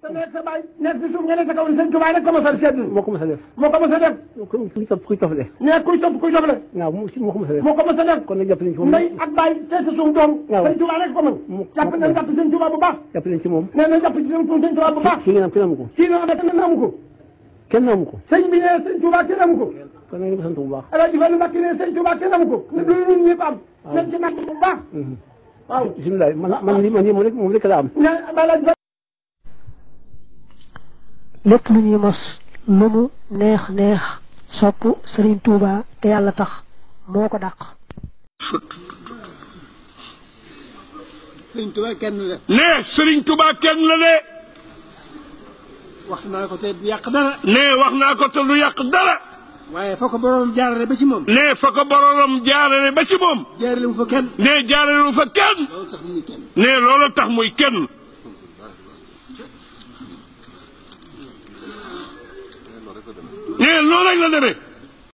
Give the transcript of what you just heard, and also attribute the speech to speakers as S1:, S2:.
S1: moo ko mos a def moo ko mos a def kuy topp kuy topp de nee kuy topp kuy topp de waaw moo ko mos a def moo ko mos a def kon nag jàpp nañ ci moom ndey ak bàyyi teese suñu doom sëñ Tuubaa rek ko mën jàpp nañ jàpp sëñ Tuubaa bu baax jàpp nañ ci moom nee na jàpp ci sëñ Tuubaa bu baax kii ngeen am kenn amu ko kii ngeen am kenn amu ko kenn amu ko sëñ bi nee sëñ Tuubaa kenn amu ko
S2: kon nag ñu ko sant bu baax
S1: El Hadj Fallou Mbacké nee sëñ Tuubaa kenn amu ko ne loolu ñun ñëpp am
S2: nañ
S3: ci nag bu baax
S1: waaw
S2: bisimilah man man lii man lii moom rek moom rek laa am
S3: lépp lu ñuy mos lu mu neex neex sopp sëriñ Touba te yàlla tax moo ko dàq.
S4: sëriñ Touba kenn
S5: sëriñ Touba kenn
S4: la de. wax naa ko te du yàq dara.
S5: nee wax naa ko te du yàq dara.
S4: waaye fa ko boroom jaarale ba ci moom.
S5: nee fa ko boroom jaarale ba ci moom. jaarale wu fa fa kenn. nee loolu tax muy kenn. nee noonu rek la demee